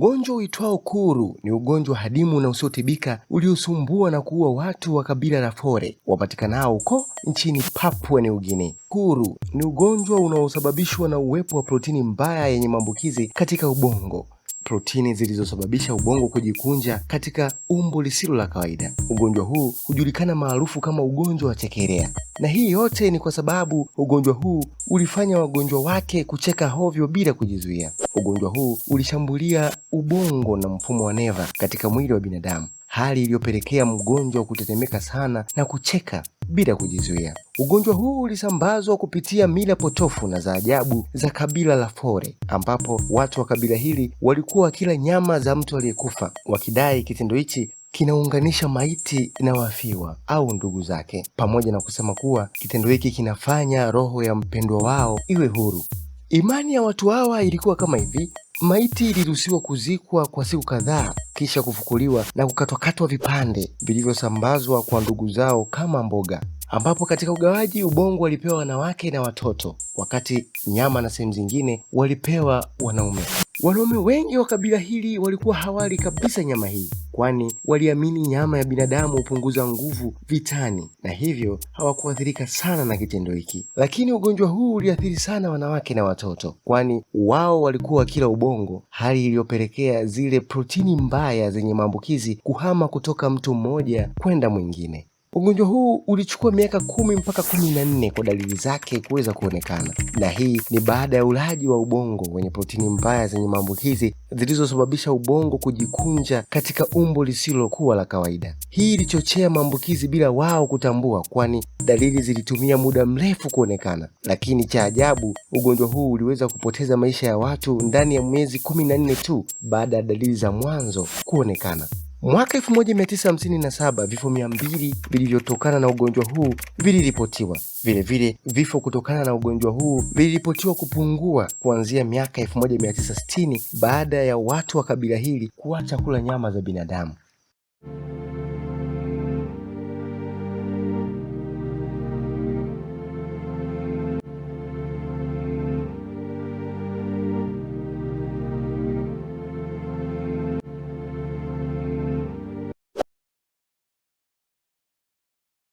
Ugonjwa uitwao kuru ni ugonjwa hadimu na usiotibika uliosumbua na kuua watu wa kabila la Fore wapatikanao huko nchini Papua New Guinea. Kuru ni ugonjwa unaosababishwa na uwepo wa protini mbaya yenye maambukizi katika ubongo protini zilizosababisha ubongo kujikunja katika umbo lisilo la kawaida. Ugonjwa huu hujulikana maarufu kama ugonjwa wa chekelea, na hii yote ni kwa sababu ugonjwa huu ulifanya wagonjwa wake kucheka hovyo bila kujizuia. Ugonjwa huu ulishambulia ubongo na mfumo wa neva katika mwili wa binadamu, hali iliyopelekea mgonjwa kutetemeka sana na kucheka bila kujizuia. Ugonjwa huu ulisambazwa kupitia mila potofu na za ajabu za kabila la Fore, ambapo watu wa kabila hili walikuwa wakila nyama za mtu aliyekufa, wakidai kitendo hichi kinaunganisha maiti na wafiwa au ndugu zake, pamoja na kusema kuwa kitendo hiki kinafanya roho ya mpendwa wao iwe huru. Imani ya watu hawa ilikuwa kama hivi: maiti iliruhusiwa kuzikwa kwa siku kadhaa kisha kufukuliwa na kukatwakatwa vipande vilivyosambazwa kwa ndugu zao kama mboga, ambapo katika ugawaji ubongo walipewa wanawake na watoto, wakati nyama na sehemu zingine walipewa wanaume. Wanaume wengi wa kabila hili walikuwa hawali kabisa nyama hii, kwani waliamini nyama ya binadamu hupunguza nguvu vitani na hivyo hawakuathirika sana na kitendo hiki. Lakini ugonjwa huu uliathiri sana wanawake na watoto, kwani wao walikuwa wakila ubongo, hali iliyopelekea zile protini mbaya zenye maambukizi kuhama kutoka mtu mmoja kwenda mwingine. Ugonjwa huu ulichukua miaka kumi mpaka kumi na nne kwa dalili zake kuweza kuonekana, na hii ni baada ya ulaji wa ubongo wenye protini mbaya zenye maambukizi zilizosababisha ubongo kujikunja katika umbo lisilokuwa la kawaida. Hii ilichochea maambukizi bila wao kutambua, kwani dalili zilitumia muda mrefu kuonekana. Lakini cha ajabu, ugonjwa huu uliweza kupoteza maisha ya watu ndani ya miezi kumi na nne tu baada ya dalili za mwanzo kuonekana. Mwaka 1957 vifo 200 vilivyotokana na ugonjwa huu viliripotiwa. Vilevile vifo kutokana na ugonjwa huu viliripotiwa kupungua kuanzia miaka 1960 baada ya watu wa kabila hili kuacha kula nyama za binadamu.